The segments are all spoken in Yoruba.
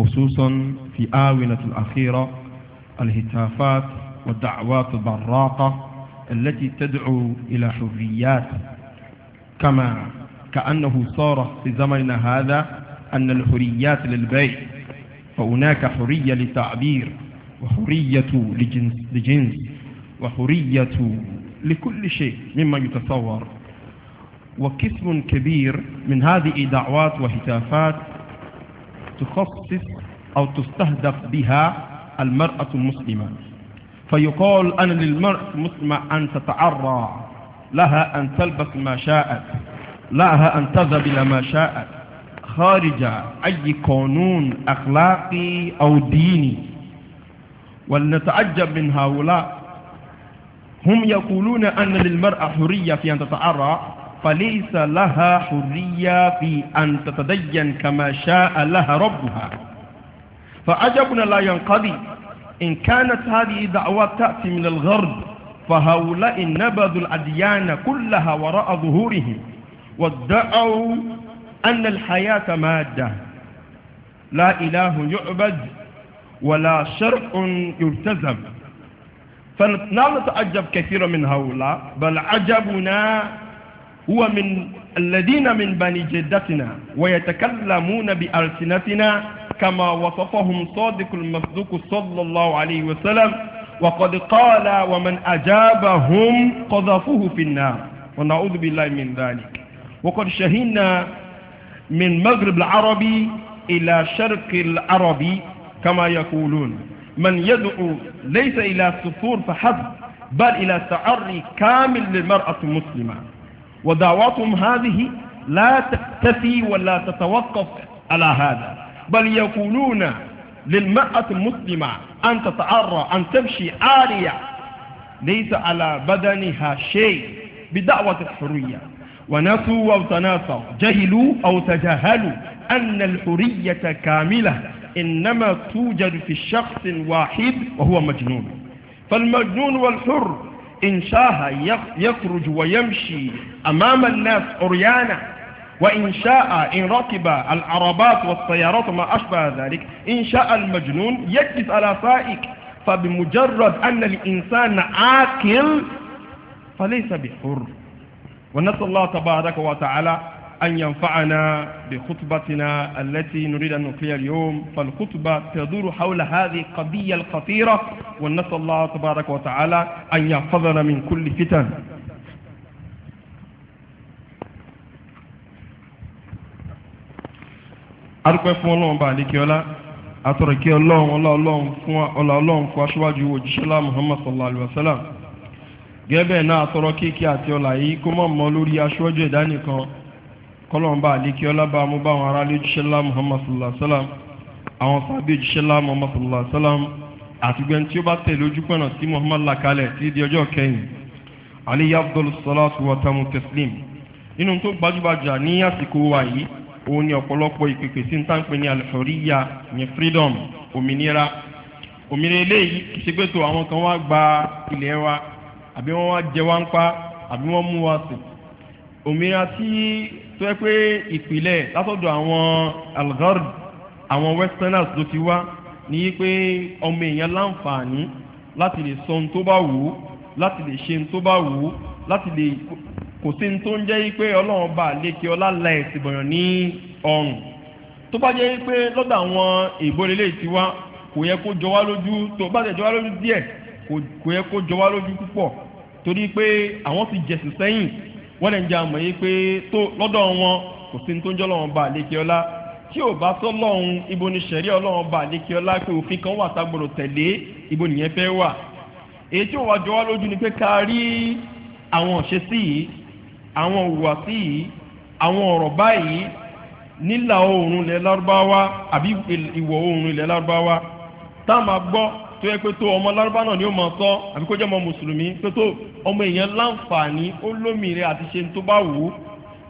خصوصا في آونة الأخيرة الهتافات والدعوات البراقة التي تدعو إلى حريات كما كأنه صار في زمننا هذا أن الحريات للبيع فهناك حرية للتعبير وحرية لجنس, لجنس وحرية لكل شيء مما يتصور وقسم كبير من هذه الدعوات وهتافات تخصص أو تستهدف بها المرأة المسلمة فيقال أن للمرأة المسلمة أن تتعرى لها أن تلبس ما شاءت لها أن تذهب إلى ما شاءت خارج أي قانون أخلاقي أو ديني ولنتعجب من هؤلاء هم يقولون أن للمرأة حرية في أن تتعرى فليس لها حرية في أن تتدين كما شاء لها ربها فعجبنا لا ينقضي إن كانت هذه دعوة تأتي من الغرب فهؤلاء نبذوا الأديان كلها وراء ظهورهم وادعوا أن الحياة مادة لا إله يعبد ولا شرع يلتزم فلا نتعجب كثيرا من هؤلاء بل عجبنا هو من الذين من بني جدتنا ويتكلمون بألسنتنا كما وصفهم صادق المصدوق صلى الله عليه وسلم وقد قال ومن أجابهم قذفوه في النار ونعوذ بالله من ذلك وقد شهدنا من مغرب العربي إلى شرق العربي كما يقولون من يدعو ليس إلى سفور فحسب بل إلى تعري كامل للمرأة المسلمة ودعوتهم هذه لا تكتفي ولا تتوقف على هذا بل يقولون للمرأة المسلمة أن تتعرى أن تمشي عارية ليس على بدنها شيء بدعوة الحرية ونسوا أو تناسوا جهلوا أو تجاهلوا أن الحرية كاملة إنما توجد في شخص واحد وهو مجنون فالمجنون والحر إن شاء يخرج ويمشي أمام الناس عريانا وإن شاء إن ركب العربات والسيارات وما أشبه ذلك إن شاء المجنون يجلس على سائق فبمجرد أن الإنسان عاقل فليس بحر ونسأل الله تبارك وتعالى أن ينفعنا بخطبتنا التي نريد أن نقليها اليوم فالخطبة تدور حول هذه القضية الخطيرة ونسأل الله تبارك وتعالى أن يحفظنا من كل فتن adúpẹ́ fún ọlọ́run bá àlékè ọlá àtọ̀rọ̀ kí ọlọ́run ọlá ọlọ́run fún ọlá ọlọ́run fún aṣíwájú òjíṣẹ́lá muhammad sallallahu alayhi wa sallam gẹ́gẹ́ bẹ́ẹ̀ náà àtọ̀rọ̀ kéèké àti ọlá yìí kó mọ̀ mọ́ lórí aṣíwájú ẹ̀dá nìkan kọ́lọ̀mbà àlékí ọlábà mú bá àwọn ará lé jíṣẹ́lá muhammad sallallahu alaihi Sallam àwọn sàbí jíṣẹ́lá muhammad sallallahu alaihi wasallam àti gbẹ́ni tí ó bá tẹ̀lé ojú pọ̀nà tí muhammad là kalẹ̀ tí di ọjọ́ kẹyìn aliyu abdul wa tamu teslim nínú tó gbajúgbajà ní àsìkò wa yìí òun ni ọ̀pọ̀lọpọ̀ ìpèpè sí ntánpẹ́ ní alifọ̀ríyà ní freedom òmìnira òmìnira eléyìí kì í ṣe pé tó àwọn kan wá gba ilẹ̀ wa àbí wọ́n wá jẹ wá ń pa àbí wọ́n mú wa sìn òmìnira tí tó yẹ pé ìpìlẹ̀ látọ̀dọ̀ àwọn algard àwọn westerners ló ti wá ní pé ọmọ èèyàn láǹfààní láti lè sọ ohun tó bá wù ú láti lè ṣe ohun tó bá wù ú láti lè kò sí ohun tó ń jẹ́ pé ọlọ́run bá lékè ọlá la ẹ̀sìn bọ̀yàn ní ọrùn tó bá jẹ́ pé lọ́dọ̀ àwọn èèbó lélẹ̀ ti wá kò yẹ kó jọ wá lójú tó bá jẹ́ jọ wá lójú díẹ̀ kò yẹ kó jọ wá lójú púpọ̀ torí pé àwọn ti jẹ̀sìn sẹ́yìn wọ́n lè ń jẹ àmọ́ yìí pé tó lọ́dọ̀ wọn kò sí ní tó ń jọ́ lọ́wọ́n ba àlékè ọlá tí ò bá sọ lọ́hùn ibo ni sẹ̀rí ọlọ́wọ́n ba àlékè ọlá pé òfin kan wà tá tẹ̀lé ibo nìyẹn fẹ́ wà èyí tí ò wá jọ wá lójú ni pé ká rí àwọn ìṣesí yìí àwọn ìhùwàsí yìí àwọn ọ̀rọ̀ báyìí nílà oòrùn ilẹ̀ lárúbáwá àbí ìwọ̀ oòrùn ilẹ̀ lárúbáwá tá máa gbọ́ tó yẹ pé tó ọmọ lárúbá náà ni ó máa sọ àbí kó jẹ́ ọmọ mùsùlùmí tó tó ọmọ èèyàn láǹfààní ó lómìnira àti ṣe tó bá wù ú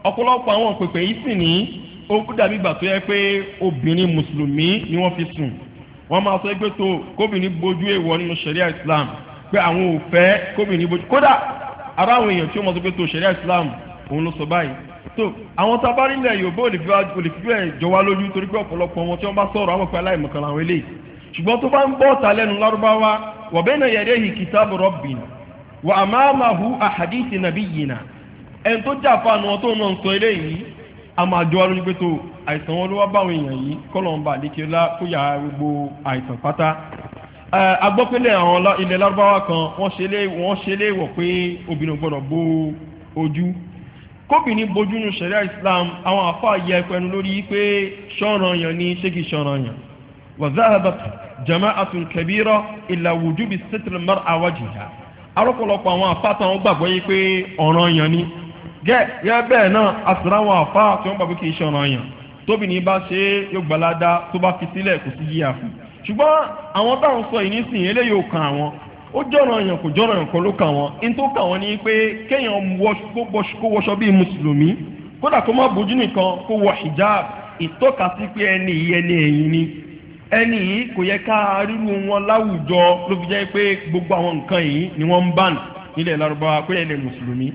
ọ̀pọ̀lọpọ̀ àwọn pèpè yìí sì ní ó dàbí ìgbà tó yẹ pé obìnrin mùsùlùmí ni wọ́n fi sùn wọ́n máa sọ pé tó kóbìnrin bojú èèwọ̀ nínú ṣẹ̀ríà Islam pé àwọn ò fẹ́ kóbìnrin bojú kódà ara àwọn èèyàn tí ó mọ̀ tó ṣẹ̀ríà Islam òun ló sọ báyìí tó àwọn tabarí ilẹ̀ Yorùbá olùfíwẹ̀ jọ wá lójú torí pé ọ̀pọ̀lọpọ̀ wọn tí wọ́n bá sọ̀rọ̀ àwọn pẹ̀lú àìmọ̀kan làwọn eléyìí ṣùgbọ́n tó bá ń gbọ́ ta lẹ́nu lárúbáwá wa bayna yadayhi kitabu rabbina wa amamahu ahadisi nabiyyina ẹn tó jà fáànù ọtọ náà ń sọ eléyìí a máa jọ wọn pé tó àìsàn wọn ló wá báwọn èèyàn yìí kọlọ̀ ń bà lékelá kó yà gbogbo àìsàn pátá agbọ́pẹ́lẹ̀ àwọn ilẹ̀ lárúbáwá kan wọ́n ṣe léèwọ̀ pé obìnrin gbọ́dọ̀ bo ojú kóbìnrin bojú nu ṣẹ̀ríà Islam àwọn àfáà yẹ ẹpẹnu lórí pé ṣọ́ọ̀ràn yàn ni ṣé kìí ṣọ́ọ̀ràn yàn وذهبت جماعة كبيرة إلى وجوب ستر المرأة وجهها arọ́pọ̀lọpọ̀ àwọn àfa táwọn gbàgbọ́ yìí pé ọ̀ràn yàn ni gẹ́gẹ́ bẹ́ẹ̀ náà àsìrá àwọn àfa tí wọ́n gbàgbé kì í ṣe ọ̀ràn yàn tóbi ní bá ṣe é yóò gbalada tó bá fi sílẹ̀ kò sí yíyà fún ṣùgbọ́n àwọn táwọn sọ yìí nísìnyí eléyìí ò kan àwọn ó jọ̀ràn yàn kò jọ̀ràn yàn kan ló kàn wọ́n ní tó kàn wọ́n ni pé kéèyàn kó wọṣọ bíi mùsùlùmí kódà kó má bójú nìkan kó wọ hijab ìtọ́kasí pé ẹni ìyẹn ni ẹ̀yìn ni ẹni yìí kò yẹ ká ríru wọn láwùjọ ló fi jẹ́ pé gbogbo àwọn nǹkan yìí ni wọ́n ń bàn nílẹ̀ Lárúbáwá pé ilẹ̀ mùsùlùmí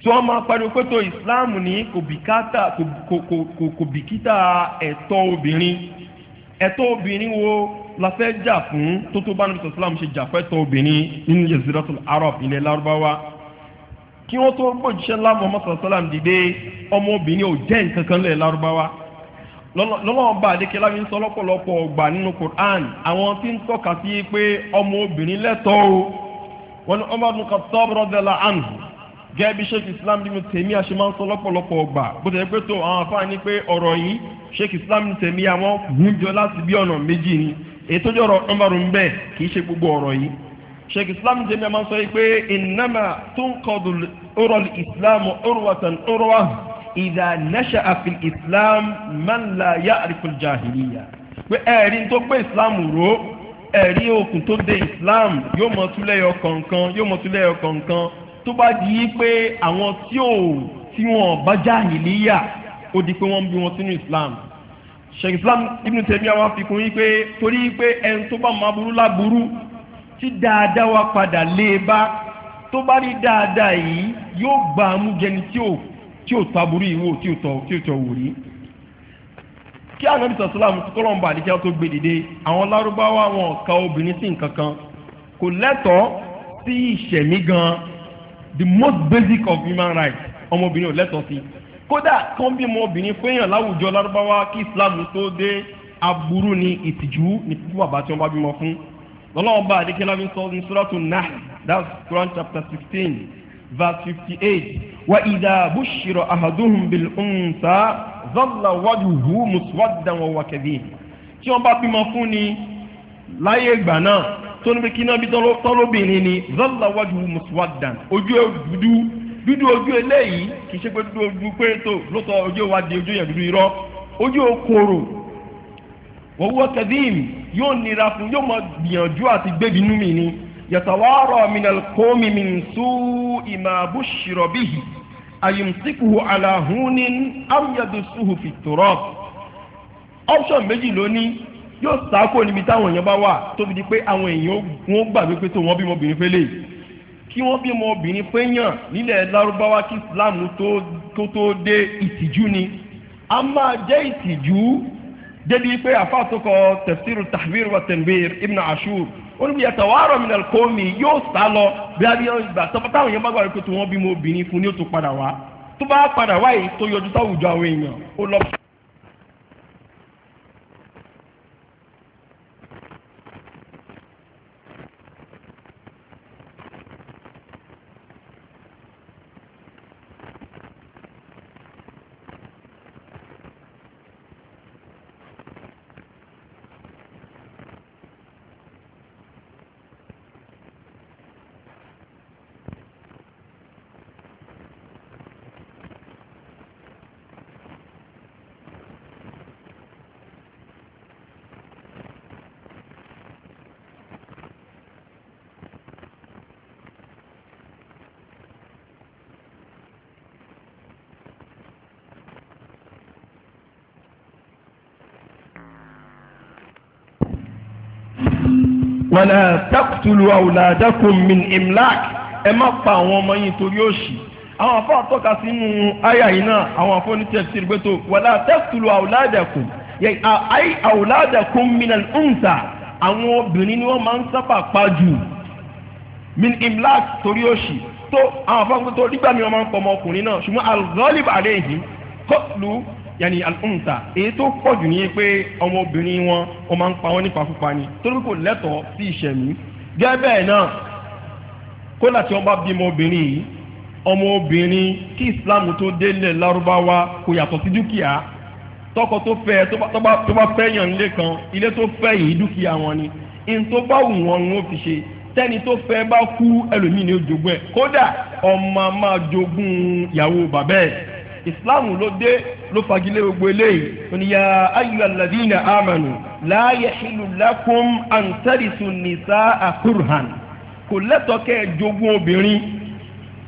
tí wọ́n máa pariwo pé tó ìsìláàmù ní kò bìkítà ẹ̀tọ́ obìnrin ẹ̀tọ́ obìnrin wo la fẹ́ jà fún tó tó bá nàbẹ̀sọ̀ ìsìláàmù ṣe jà fẹ́tọ́ obìnrin nínú Jaziratul Arab ilẹ̀ Lárúbáwá kí wọ́n tó gbòjìṣẹ́ láàmú ọmọ sàlám dìde ọmọ obìnrin ò jẹ́ nǹkan kan lẹ̀ lárúbáwá lọ́lọ́wọ́n bá àdékẹ́ láfi ń sọ lọ́pọ̀lọpọ̀ ọgbà nínú Qur'an àwọn tí ń tọ́ka sí pé ọmọ obìnrin lẹ́tọ́ọ́ wọn ni Umar ibn Khattab radiyallahu anhu gẹ́gẹ́ bí sheikh islam nínú tèmi àṣẹ máa ń sọ lọ́pọ̀lọpọ̀ ọgbà bó ti pé tó àwọn afáà ní pé ọ̀rọ̀ yìí sheikh islam nínú tèmi àwọn gúnjọ láti bí ọ̀nà méjì ni èyí tó jẹ́ ọ̀rọ̀ Umar ń bẹ kì í ṣe gbogbo ọ̀rọ̀ islam nínú tèmi àmọ́ sọ pé innama tunqadul islam urwatan urwah ìdá nẹ́ṣà àfi islam man la ya'rifu al-jahiliya pé ẹ̀rí tó gbé islam ró ẹ̀rí okùn tó de islam yóò mọ túlẹ̀yọ kọ̀ọ̀kan yóò mọ túlẹ̀yọ kọ̀ọ̀kan tó bá di pé àwọn tí ò tí wọn bá jahiliya ó di pé wọ́n bí wọn sínú islam sheikh islam ibn taymiya wá fi kún pé torí pé ẹni tó bá máa burú láburú tí dáadáa wá padà lé e bá tó bá rí dáadáa yìí yóò gbà á mú jẹni tí ò tí ò taburú ìwò tí ò tọ̀ tí ò tọ̀ wò rí kí anabi sàlám kọlọmba àdìjá tó gbé dìde àwọn lárúbáwá wọn ka obìnrin sí nǹkan kò lẹ́tọ̀ọ́ sí ìṣẹ̀mí gan the most basic of human rights ọmọbìnrin ò lẹ́tọ̀ọ́ sí kódà kán bí ọmọbìnrin fẹ́yàn láwùjọ lárúbáwá kí islam tó dé aburú ni ìtìjú ní kúkú bàbá tí wọ́n bá bímọ fún lọ́lọ́wọ́n bá àdìkẹ́lá sọ ní sọ́dọ̀tún náà that's Quran chapter sixteen verse 58 wa idha bushira ahaduhum bil unsa dhalla wajhuhu muswaddan wa huwa kadhib tí wọ́n bá bímọ fún ni láyé ìgbà náà tó ní pé kí náà bí tọ́lóbìnrin ni dhalla wajhuhu muswaddan ojú ẹ dúdú dúdú ojú eléyìí kì í ṣe pé dúdú ojú pé tó lótọ́ ojú wa di ojú yẹn dúdú irọ́ ojú okòrò wa huwa kadhib yóò nira fún yóò mọ gbìyànjú àti gbébinú mi ni yàtọ̀wọ́rọ̀ minalkomi minsu ìmàbúṣirọ̀bíhì àyùmsíkùhù àlàhúnni amúyàdùsùhù fìtòrọ̀ option méjì lóní yóò sáko níbi táwọn èèyàn bá wà tóbi di pé àwọn èèyàn wọn gbà wípé tó wọn bímọ obìnrin fẹlẹ kí wọn bímọ obìnrin fẹyàn nílẹ̀ lárúbáwá kí islam tó tó dé ìtìjú ni a máa jẹ́ ìtìjú débi pé àfáà tó tahbir wa tanbir ibn ashur ó ní yàtọ̀ wàá rọ̀ mí nà kó mi yóò sá lọ bí a bí ìgbà táwọn yẹn bá gbà pé tí wọ́n bímọ obìnrin fún ni ó tó padà wá tó bá padà wá yìí tó yọjú táwùjọ àwọn èèyàn ó lọ wala taqtulu awladakum min imlak ẹ má pa àwọn ọmọ yín torí òṣì àwọn afọ àtọ́ka sínú àyà yìí náà àwọn afọ ní tẹ̀sí rí gbẹ́tò wala taqtulu awladakum ay awladakum min al-unsa àwọn obìnrin ni wọ́n máa ń sábà pa jù min imlak torí òṣì tó àwọn afọ àgbẹ̀tò nígbà mi wọ́n máa ń pọ̀ ọmọkùnrin náà ṣùgbọ́n al-ghalib alayhi qatlu yàní alfonso èyí tó pọ̀ jù ní pé ọmọbìnrin wọn wọ́n máa ń pa wọ́n nípakúpa ni torí kò lẹ́tọ̀ọ́ sí ìṣẹ̀mí gẹ́gẹ́ bẹ́ẹ̀ náà kódà tí wọ́n bá bímọ obìnrin yìí ọmọ obìnrin kí islam tó délẹ̀ lárúbáwá kò yàtọ̀ sí dúkìá tọkọ tó fẹ́ tó bá fẹ́ yàn nílé kan ilé tó fẹ́ yìí dúkìá wọn ni n tó bá wù wọn ni wọn fi ṣe tẹ́ni tó fẹ́ bá kú ẹlòmíì ni ó jogún ẹ̀ kódà ọmọ máa jogún ìyàwó bàbá ẹ̀ ìsìláàmù ló dé ló fagilé gbogbo eléyìí oníyà ayọ̀ aladina amanu láàyè ìlúlákùn àǹtẹ̀rìsù nìsa àkùrhàn kò lẹ́tọ̀ọ́ kẹ́ jogún obìnrin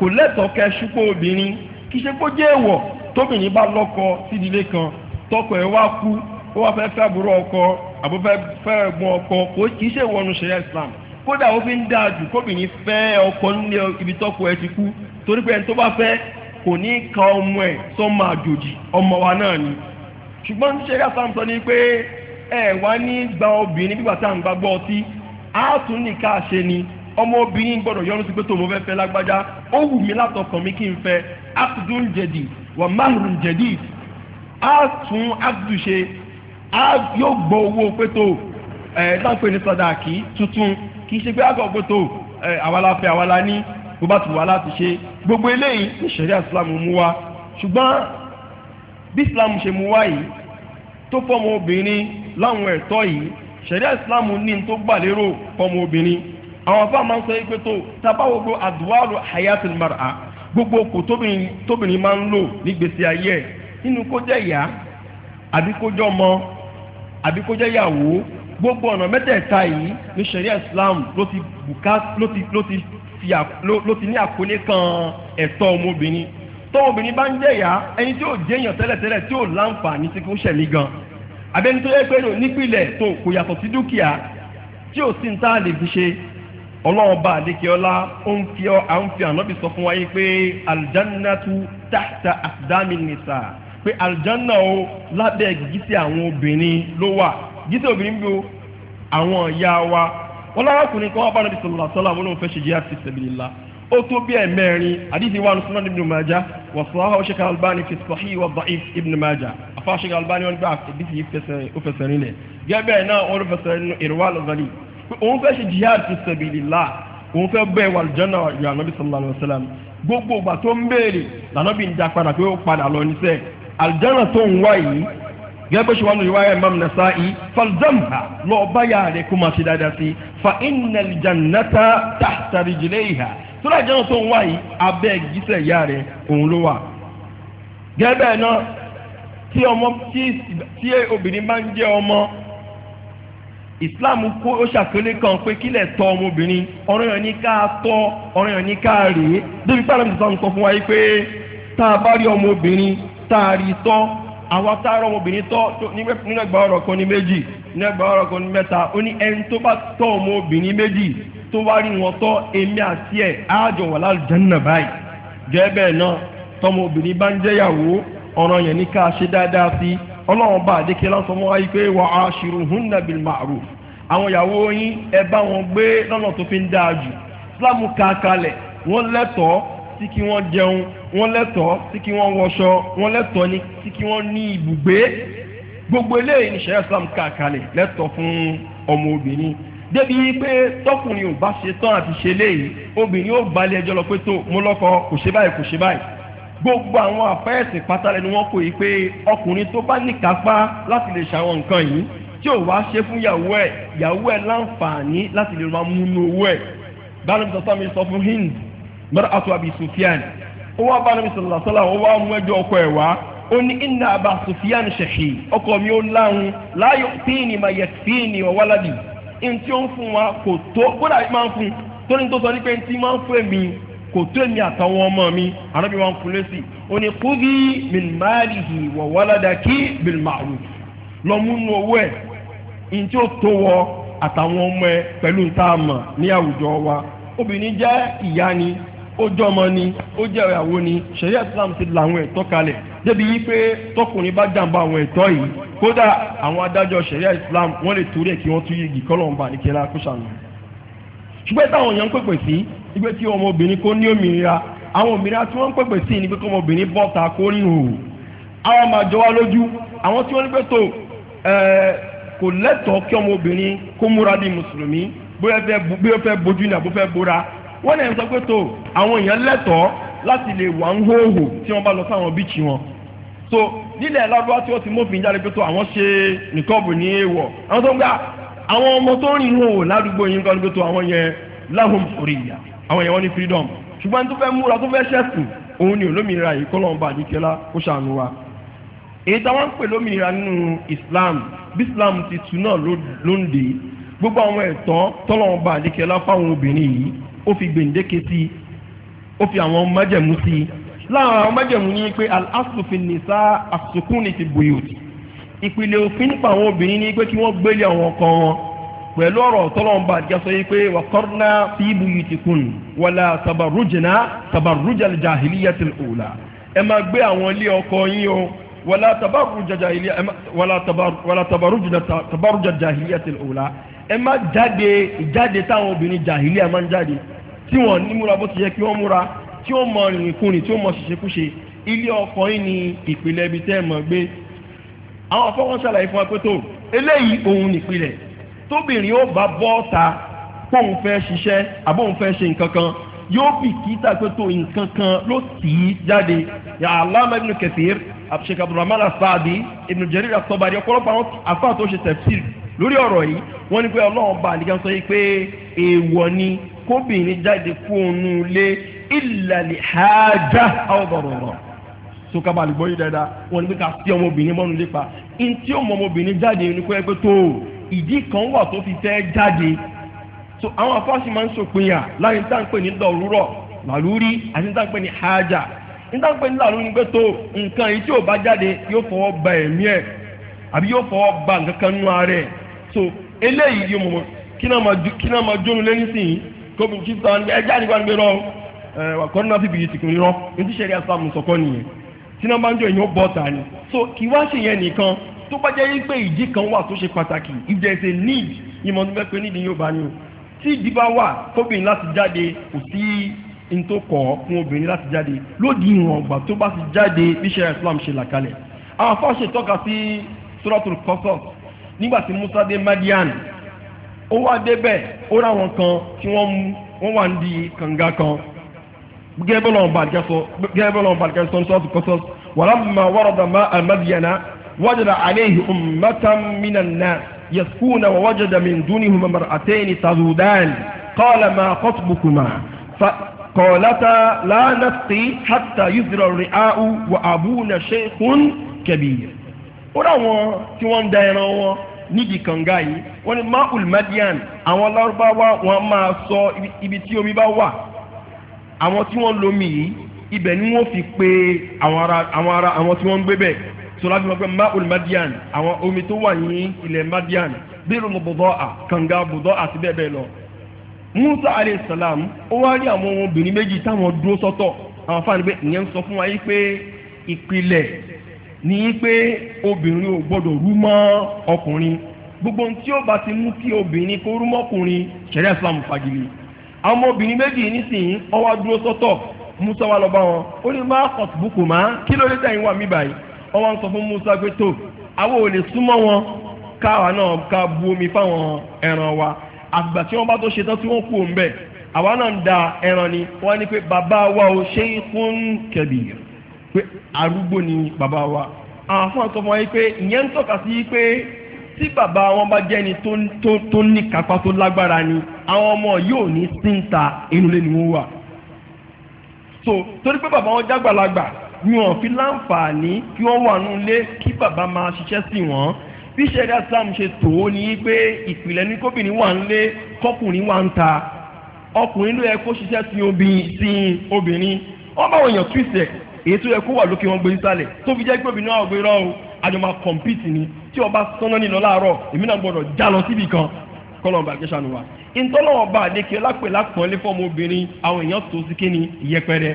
kò lẹ́tọ̀ọ́ kẹ́ ṣúpọ̀ obìnrin kì í ṣe kó jẹ́ èèwọ̀ tóbìnrin bá lọ́kọ sídìlé kan tọkọ ẹ̀ wá kú ó wá fẹ́ fẹ́ àbúrò ọkọ àbó fẹ́ fẹ́ ẹ̀gbọ́n ọkọ kò kì í ṣe ìwọ́nu ṣẹlẹ̀ Islam kódà ó fi ń dáa jù kóbìnrin fẹ́ ọkọ nílé ibi tọkọ ẹ̀ ti kú torí pé ẹni tó bá fẹ́ kò ní ka ọmọ ẹ̀ sọ́mọ àjòjì ọmọ wa náà ni ṣùgbọ́n ṣẹ́gà sáńsọ ni pé ẹ wá ní gba obìnrin nígbà tá à ń gbàgbọ́ ọtí á tún nìka ṣe ni ọmọ obìnrin gbọ́dọ̀ yọrù sí pé tó mo fẹ́ fẹ́ lágbájá ó wù mí látọkàn mi kí n fẹ́ akdun jẹ̀dì wà márùn jẹ̀dì á tún akdu ṣe á yóò gbọ́ owó pé ẹ̀ dáńpẹ́ ní sọ̀dà kí tuntun kì í ṣe pé á gbọ́ ẹ̀ àwa la fẹ́ àwa la ní bó bá ti wà láti ṣe gbogbo eléyìí ní ṣẹ̀ríà islam mú wá ṣùgbọ́n bí islam ṣe mú wá yìí tó fọmọ obìnrin láwọn ẹ̀tọ́ yìí ṣẹ̀ríà islam ní tó gbà lérò fọmọ obìnrin àwọn afá máa ń sọ pé tó tabawo gbogbo adwaru hayatul mar'a gbogbo okò tóbìnrin máa ń lò nígbèsè ayé ẹ̀ nínú kó jẹ́ ìyá àbí kó jẹ́ ọmọ àbí kó jẹ́ ìyàwó gbogbo ọ̀nà mẹ́tẹ̀ẹ̀ta yìí ní ṣẹ̀ríà islam ló ti lo ti ní àkólé kan ẹ̀tọ́ ọmọbìnrin tọ́mọbìnrin bá ń jẹ̀yà ẹni tí ó jẹ́yàn tẹ́lẹ̀tẹ́lẹ̀ tí ó láǹfààní sí kó ṣẹ̀mí gan abẹ́ni tó yẹ pé nípìnlẹ̀ tó kò yàtọ̀ sí dúkìá tí ò sí ń tá a lè fi ṣe ọlọ́run bá àdékẹ́ọ́lá ó ń fi à ń fi ànábì sọ fún wa yìí pé aljannatu tahta asdami nisa pé aljanna o lábẹ́ gísí àwọn obìnrin ló wà gísí obìnrin bí o àwọn ìyá wa wọ́n lárakùnrin kan wọ́n bá nàbí sọ̀rọ̀ àṣọ́lá wọn náà fẹ́ ṣe jihad fi sabilillah ó tó bí ẹ̀mẹ́rin àdìsí wa nù sunan ibn majah wà sọ àwọn ṣe kalbani fi sahih wa da'if ibn majah afa ṣe kalbani wọn gbà àdìsí ó fẹsẹ̀ rinlẹ̀ gẹ́gẹ́ náà wọ́n fẹsẹ̀ nínú ìrọ̀wá lọ́gàlì òun fẹ́ ṣe jihad fi sabilillah òun fẹ́ bẹ́ẹ̀ wà lùjọ́nà ìyá nàbí sallallahu alaihi wasallam gbogbo ìgbà tó ń yìí gẹ́gẹ́ lọ́ọ́ báyà rẹ̀ kó máa ṣe dáadáa sí i fa innal jannata tahta rijliha tóra ìjẹun tó ń wá yìí abẹ́ gísẹ̀ ìyá rẹ̀ òun ló wà. gẹ́gẹ́ náà tí ọmọ tí obìnrin bá ń jẹ́ ọmọ islam kó ó ṣàkólé kan pé kílẹ̀ tọ́ ọmọbìnrin ọ̀rọ̀ yẹn ní ká tọ́ ọ̀rọ̀ yẹn ní ká rèé débi pàdánù tó sọ fún wa yìí pé tá a bá rí ọmọbìnrin tá a rí tọ́ àwa tá a rọ ọmọbìnrin tọ́ nígbà ọ̀rọ̀ kan ní méjì nẹ́gbà ọ̀rọ̀kùnrin mẹ́ta ó ní ẹni tó bá tọ́ ọmọ obìnrin méjì tó wá rí wọn tọ́ èmi àti ẹ̀ ájọ wà lálùjánnà báyìí gẹ́gẹ́ bẹ́ẹ̀ náà tọmọ obìnrin bá ń jẹ́yàwó ọ̀ràn yẹn ní ká ṣe dáadáa sí ọlọ́run bá àdékè lásán mọ́ wáyé pé wa ashiruhunna bil ma'ruf àwọn ìyàwó yín ẹ bá wọn gbé lọ́nà tó fi ń dáa jù islam ka kalẹ̀ wọ́n sí kí wọ́n jẹun wọ́n lẹ́tọ̀ọ́ sí kí wọ́n wọṣọ wọ́n lẹ́tọ̀ọ́ sí kí wọ́n ní ibùgbé gbogbo eléyìí ní sẹ́yà islam kàkàlẹ̀ lẹ́tọ̀ fún ọmọ obìnrin débi pé tọkùnrin ò bá ṣe tán àti ṣe léyìí obìnrin ó balẹ̀ ẹjọ́ lọ pé tó mo lọ́kọ kò ṣe báyìí kò ṣe báyìí gbogbo àwọn àfẹ́ẹ̀sì pátálẹ̀ ni wọ́n kò yí pé ọkùnrin tó bá níkápá láti lè ṣàwọn nǹkan yìí tí ò wá ṣe fún yàwó ẹ̀ yàwó ẹ̀ láǹfààní láti lè máa múnú owó ẹ̀ báyìí sọ mi sọ fún Hind mẹ́rẹ́ àtúwàbí Sufyan ó wá báyìí sọ̀rọ̀ sọ́lá ó wá mú ẹjọ́ ọkọ ẹ̀ wá ó ní inna Aba Sufyan shahid ọkọ mi ó láhun láyò tíìnì mà yẹ tíìnì ọ̀wáládì ní tí ó ń fún wa kò tó kódà máa ń fún tóní tó sọ ní pé tí máa ń fún èmi kò tó èmi àtàwọn ọmọ mi àrẹ́bí wa ń fún lẹ́sì ó ní khudhi min malihi wa waladaki bil ma'ruf lọ́múnú owó ẹ̀ ní tí ó tó wọ àtàwọn ọmọ ẹ pẹ̀lú ntaàmà ní àwùjọ wa obìnrin jẹ́ ìyá ni ó jọmọ ni ó jẹ́ ìyàwó ni ṣẹ̀ríà Islam ti làwọn ẹ̀tọ́ kalẹ̀ débi wípé tọkùnrin bá jàǹbá àwọn ẹ̀tọ́ yìí kódà àwọn adájọ́ ṣẹ̀ríà Islam wọ́n lè torí ẹ̀ kí wọ́n tún yìí kọ́lọ́ọ̀bà ní kẹlá kó ṣàlù. ṣùgbọ́n táwọn èèyàn ń pèpè sí wípé tí ọmọbìnrin kò ní òmìnira àwọn òmìnira tí wọ́n ń pèpè sí ni pé kọ́mọbìnrin bọ́ ta kó rí òòrùn àwọn máa jọ wá lójú àwọn tí wọ́n ń pè tó kò lẹ́tọ̀ọ́ kí ọmọbìnrin kó múra bí mùsùlùmí bóyá fẹ́ bójú ni àbó bóra wọ́n lè sọ pé tó àwọn èèyàn lẹ́tọ̀ọ́ láti lè wà ń hóhò tí wọ́n bá lọ sáwọn bíìchì wọn so nílẹ̀ lọ́dọ́ tí wọ́n ti mọ́fin jáde pé tó àwọn ṣe nìkọ́ọ̀bù ní èèwọ̀ àwọn tó ń gbà àwọn ọmọ tó rìn hò ládùúgbò yín kan pé tó àwọn yẹn láhùn òrìyà àwọn yẹn wọ́n ní freedom ṣùgbọ́n tó fẹ́ múra tó fẹ́ ṣẹ̀sìn òun ni olómìnira yìí kọ́ lọ́nba àdìkẹ́lá kó ṣàánú wa èyí táwọn ń pè lómìnira nínú Islam bí Islam ti tu náà lóńdè gbogbo àwọn ẹ̀tọ́ tọ́lọ́nba àdìkẹ́lá fáwọn obìnrin yìí ó fi gbèǹdéke sí i ó fi àwọn májẹ̀mú sí i láwọn àwọn májẹ̀mú ní pé al-asufin nisa asukun ní ti buyuti ìpìlẹ̀ òfin nípa àwọn obìnrin ní pé kí wọ́n gbélé àwọn ọkọ wọn pẹ̀lú ọ̀rọ̀ tọ́lọ́mba àjẹsọ yìí pé wàkọ́rọ́nà fi buyutikun wàlà tabarujina tabarujal jahiliyatil ula ẹ máa gbé àwọn ilé ọkọ yín o wàlà tabaruja jahiliya wàlà ẹ má jáde ìjáde táwọn obìnrin jahiliya máa ń jáde tí wọ́n ní múra bó ti yẹ kí wọ́n múra tí ó mọ ìrìnkúrìn tí ó mọ ṣìṣekúṣe ilé ọkọ yìí ni ìpìlẹ̀ ibi tẹ́ ẹ mọ̀ gbé àwọn afọwọ́n ṣàlàyé fún wa pé tó eléyìí òun nìpìlẹ̀ tóbìnrin ó bá bọ́ọ̀ta póun fẹ́ ṣiṣẹ́ àbóun fẹ́ ṣe nǹkan kan yóò bì kíta pé tó nǹkan kan ló tì í jáde yàrá ibn Kathir Sheikh Abdurrahman As-Sa'di Ibn Jarir At-Tabari ọ̀pọ̀lọpọ̀ àwọn àfáà tó ṣe tafsir lórí ọ̀rọ̀ yìí wọ́n ní pé ọlọ́run bá àlìkà yìí pé èèwọ̀ ni kóbìnrin jáde fóònù lé ìlàlẹ̀ hájá ọ̀bọ̀rọ̀rọ̀ tó kábàá So ka wọn ni pé ka fi ọmọbìnrin mọ́nu lépa ní ọmọbìnrin jáde ní kó tó ìdí kan fi fẹ́ jáde so àwọn afáàsì máa ń sòpinya láàrin tá à pè ní làlúrí àti tá pè ní jáde yóò fọwọ́ ba ẹ̀mí ẹ̀ àbí yóò ba nǹkan kan so eléyìí yóò tóbi kí sọ ẹ jáde wà gbé rọ ẹ wà kọ́ nínú àfihàn ti kiri rọ ní ti sẹ́rí asàmù sọ̀kọ́ nìyẹn tí náà bá ń jọ èèyàn bọ̀ tà ni so kì wá ṣe yẹn nìkan tó bá jẹ́ pé ìdí kan wà tó ṣe pàtàkì if there is a need ìmọ̀ tó fẹ́ pé nídìí yóò bá ní o tí ìdí bá wà fóbìnrin láti jáde kò sí n tó kọ̀ fún obìnrin láti jáde lódì ìwọ̀n ọgbà tó bá ti jáde bí sẹ́rí Islam ṣe là kalẹ̀ àwọn afáṣe tọ́ka sí suratul Qasas nígbà tí Musa ó wá débẹ̀ ó ráwọn kan tí wọ́n mú wọ́n wà ń di kànga kan gẹ́gẹ́ bọ́lá ọba àdìgẹ́sọ gẹ́gẹ́ bọ́lá ọba àdìgẹ́sọ ń sọ́ọ́tù kọ́sọ́ walamma warada ma almadiyana wajada alayhi ummatan minan nas yasquna wa wajada min dunihuma mar'atayn tazudan qala ma khatbukuma قالتا لا نسقي حتى يزرع الرعاء وابونا شيخ كبير ورا wọn tí wọ́n da ẹran wọn níbi kànga yìí wọ́n ní maul madian àwọn lárúbáwá wọ́n máa sọ ibi tí omi bá wà àwọn tí wọ́n lomi yìí ibẹ̀ ni wọ́n fi pe àwọn ará àwọn ará àwọn tí wọ́n ń gbé bẹ̀ sọlá fi mọ̀ pé maul madian àwọn omi tó wà ní ilẹ̀ madian bẹ́ẹ̀ ló bọ̀dọ̀ à kànga bọ̀dọ̀ àti bẹ́ẹ̀ bẹ́ẹ̀ lọ musa alayhi salam ó wá rí àwọn obìnrin méjì táwọn dúró sọ́tọ̀ àwọn fáwọn ìgbẹ́ ìyẹn sọ fún wa yìí pé ìpìlẹ̀ ní pé obìnrin ò gbọdọ̀ rú mọ́ ọkùnrin gbogbo ohun tí ó bá ti mú kí obìnrin kó rú mọ́kùnrin ṣẹ̀rẹ́ islam fagilé àwọn ọmọbìnrin méjì nísìnyí ọwọ́ dúró sọ́tọ̀ musa wá lọ bá wọn ó ní má kọ̀tù bùkù má kí ló dé tẹ̀yìn wà mí báyìí ọwọ́ ń sọ fún musa pé tó àwọn ò lè súnmọ́ wọn káwa náà ká bu omi fáwọn ẹran wa àgbà tí wọ́n bá tó ṣetán tí wọ́n kú òun bẹ́ẹ̀ àwa náà ń da ẹran ni wọ́n ní pé bàbá wa ò ṣe é fún kẹbìrì pé arúgbó ni bàbá wa àwọn afọ́n sọ fún wa pé ìyẹn ń tọ́ka sí pé tí bàbá wọn bá jẹ́ ni tó ní kápá tó lágbára ni àwọn ọmọ yóò ní síńta inú lé ni wọ́n wà so torí pé bàbá wọn jágbàlagbà ni wọn fi láǹfààní kí wọ́n wà nílé kí bàbá máa ṣiṣẹ́ sí wọn bí sẹ́dá sam ṣe tò ó ní pé ìpìlẹ̀ ní kóbìnrin wà nílé kọkùnrin wà ń ta ọkùnrin ló yẹ kó ṣiṣẹ́ sí obìnrin wọ́n bá wọn yàn twist ẹ̀ èyí tó yẹ kó wà lókè wọn gbé sísàlẹ̀ tó fi jẹ́ pé obìnrin àwọn ògbéràn o àjọ máa ni tí ọba sọ́nà nílọ láàárọ̀ èmi náà gbọ́dọ̀ já lọ síbi kan kọ́lọ́ọ̀bà kẹsànù wa ìtọ́lọ́wọ́ bá àdékè lápè lápọ̀nlé fọ́ọ̀mù obìnrin àwọn èèyàn tó sí kéni ìyẹpẹrẹ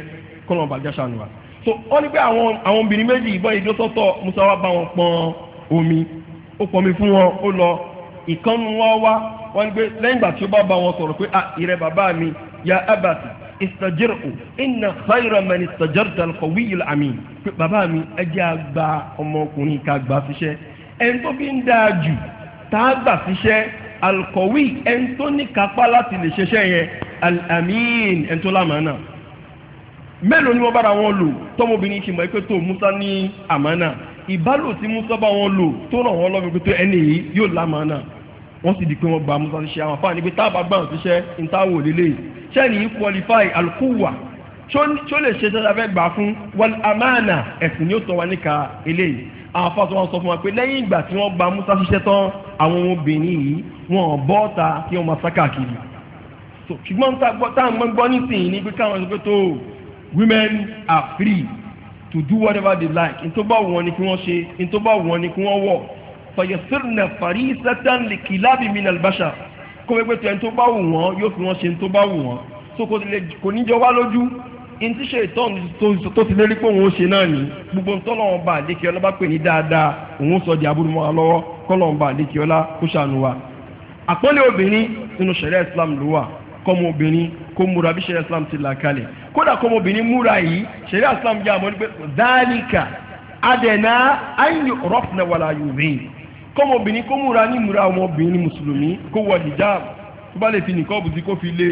kọ́lọ́ọ̀bà kẹsànù wa so wọ́n ní pé àwọn obìnrin méjì ìbọn ìdó sọ́tọ̀ musa wa bá wọn pọn omi ó pọnmi fún wọn ó lọ ìkànnù wọn wá wọ́n ní pé lẹ́yìn ìgbà tí ó bá bá wọn sọ̀rọ̀ pé ah ìrẹ bàbá mi ya abasi ìsọjírò iná fáyọrọ mẹni ìsọjọrọ tẹ kọwé yìí àmì pé bàbá mi ẹ jẹ́ àgbà ọmọkùnrin ká gbà fiṣẹ́ ẹni tó fi ń dáa jù tá a gbà fiṣẹ́ alkọ̀wé ẹni tó ní kápá láti lè ṣiṣẹ́ yẹn alamin ẹni tó lámàánà mélòó ni wọ́n bára wọn lò tọ́mọbìnrin ṣì mọ̀ ẹ́ pé tó Musa ní àmàánà ìbálò Musa bá wọn lò tó ràn wọ́n lọ́wọ́ wọ́n sì di pé wọ́n gba musa ṣiṣẹ́ àwọn afáàní pé táàbà gbà wọ́n ṣiṣẹ́ ntáwò lélẹ̀ sẹ́ni yìí qualify alukuwa tó lè ṣe ṣẹṣẹ fẹ́ gbà fún wal amana ẹ̀sìn ni ó tọ́ wa níka eléyìí àwọn afáàtọ́ wọn sọ fún wa pé lẹ́yìn ìgbà tí wọ́n gba musa ṣiṣẹ́ tán àwọn obìnrin yìí wọn bọ́ọ̀ta kí wọ́n máa sá káàkiri ṣùgbọ́n táwọn gbọ́ nísìnyí ni pé káwọn ẹni pé tó women are free to do whatever they like ntó bá wọn ni kí wọ́n ṣe ntó bá wọn ni kí wọ́n wọ̀ fàyẹ̀sírùnà fàrí sẹ́tàn lè kì lábì mí nàlbáṣà kó wípé tó ẹni tó bá wù wọ́n yóò fi wọ́n ṣe tó bá wù wọ́n tó kò ní jọ wá lójú in ti ṣe ìtọ́n tó ti lérí pé òun ṣe náà ni gbogbo ń tọ́lọ̀ ọba àlékè ọlá bá pè ní dáadáa òun sọ di aburú mọ́ra lọ́wọ́ kọ́lọ̀ ọba àlékè ọlá kó ṣàánú wa. àpọ́nlé obìnrin nínú ṣẹ̀rẹ́ Islam ló wà kọ́mọ obìnrin kó múra bí ṣẹ̀rẹ́ Islam ti là kalẹ̀ kódà kọ́mọ obìnrin múra yìí ṣẹ̀rẹ́ Islam jẹ́ àmọ́ ní pé dáníkà adẹ̀nà ayé rọ́pùnà wàlá yorùbá kọ́mọbìnrin kó múra ní múra ọmọbìnrin mùsùlùmí kó wọ hijab tó bá lè fi nìkọ́ọ̀bù sí kó fi lé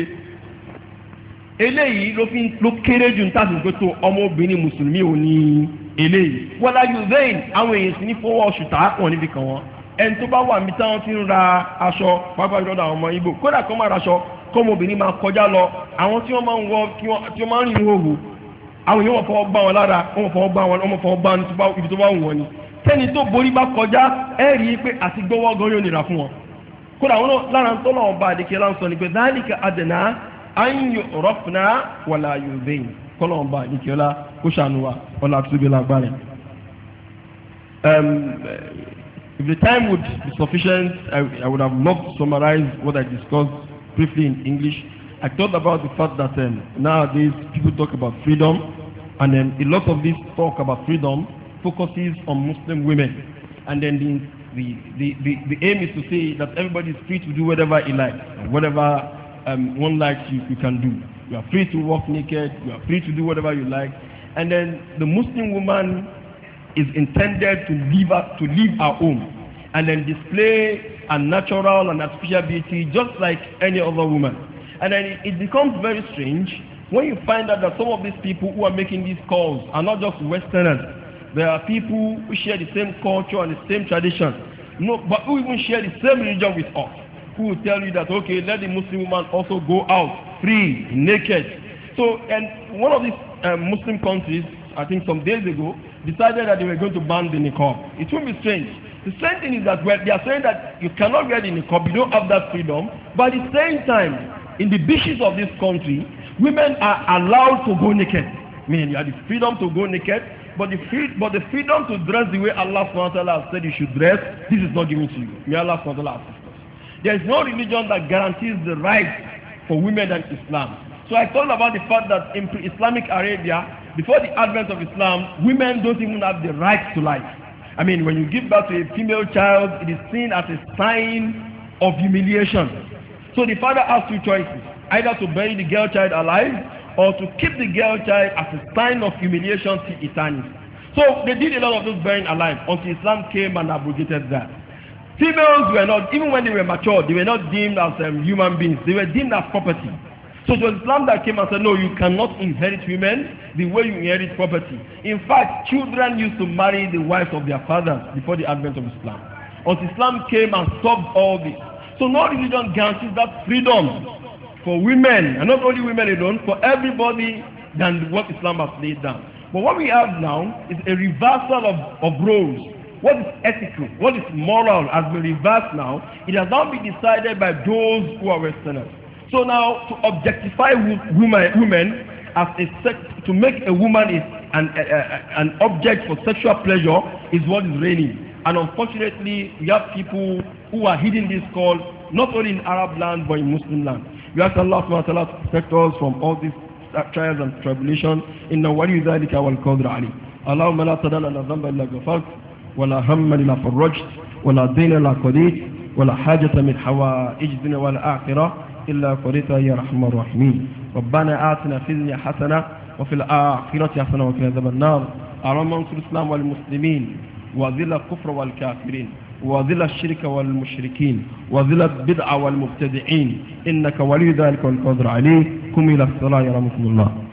eléyìí ló fi ló kéré jù níta sí pé tó ọmọbìnrin mùsùlùmí ò ní eléyìí wọlá yuzain àwọn èèyàn sì ní fọwọ́ oṣù tá a pọ̀ níbi kan wọn ẹni tó bá wà níbi táwọn ti ń ra aṣọ pápá ìjọba àwọn ọmọ ibo kódà kó má raṣọ kó máa kọjá lọ àwọn tí wọ́n máa ń wọ tí wọ́n máa ń rìn hóhù àwọn èèyàn wọ́n fọwọ́ gbá wọn lára wọn fọwọ́ gbá wọn ibi tó bá wù wọ́n ni tẹ́ni tó borí bá kọjá ẹ pé àti gbọ́wọ́ gan yóò nira fún wọn kódà wọn lára ń tọ́lọ̀ ọba àdìkẹ́ láǹsọ ni pé dáníkà àdènà àyìn rọ́pùnà wàlà yorùbẹ́yìn kọ́lọ̀ ọba àdìkẹ́ ọlá kó ṣàánú wa ọlá àtúbí lágbára. If the time would be sufficient, I, I would have loved to summarize what I discussed briefly in English. I talked about the fact that um, nowadays people talk about freedom, and um, a lot of this talk about freedom focuses on Muslim women. And then the, the, the, the, aim is to say that everybody is free to do whatever he likes, whatever um, one likes you, you can do. You are free to walk naked, you are free to do whatever you like. And then the Muslim woman is intended to leave her, to leave her home and then display a natural and artificial beauty just like any other woman. And then it, it becomes very strange when you find out that some of these people who are making these calls are not just Westerners, There are people who share the same culture and the same tradition, no, but who even share the same religion with us, who will tell you that, okay, let the Muslim woman also go out free, naked. So, and one of these um, Muslim countries, I think some days ago, decided that they were going to ban the niqab. It won't be strange. The same thing is that well, they are saying that you cannot wear the niqab, you don't have that freedom. But at the same time, in the beaches of this country, women are allowed to go naked. I mean, you have the freedom to go naked But the, free, but the freedom to dress the way Allah Subhanahu wa Taala has said you should dress, this is not given to you. May Allah Subhanahu wa Taala assist us. There is no religion that guarantees the right for women than Islam. So I told about the fact that in pre Islamic Arabia, before the advent of Islam, women don't even have the right to life. I mean, when you give birth to a female child, it is seen as a sign of humiliation. So the father has two choices, either to bury the girl child alive or to keep the girl child as a sign of humiliation till eternity. So they did a lot of this burying alive until Islam came and abrogated that. Females were not, even when they were mature, they were not deemed as um, human beings. They were deemed as property. So it Islam that came and said, no, you cannot inherit women the way you inherit property. In fact, children used to marry the wives of their fathers before the advent of Islam. Until Islam came and stopped all this. So no religion guarantees that freedom for women, and not only women alone, for everybody than what Islam has laid down. But what we have now is a reversal of, of roles. What is ethical, what is moral has been reversed now. It has now been decided by those who are Westerners. So now, to objectify women, women as a sex, to make a woman is an, a, a, an object for sexual pleasure is what is reigning. And unfortunately, we have people who are hiding this call not only in Arab land but in Muslim land. We ask Allah subhanahu wa ta'ala to protect us from all these trials and tribulation. Inna wali dhalika wal qadr ali. Allahumma la tadala lana dhanba illa ghafart wa la hamma illa farajt wa la dina illa qadit wa la hajata min hawaij dunya wal akhirah illa qadita ya rahman rahimin. ربنا آتنا في الدنيا حسنة وفي الآخرة حسنة وقنا عذاب النار. اللهم انصر الإسلام والمسلمين وذل الكفر والكافرين. وظل الشرك والمشركين وظل البدع والمبتدعين إنك ولي ذلك والقدر عليه كم إلى الصلاة يرحمكم الله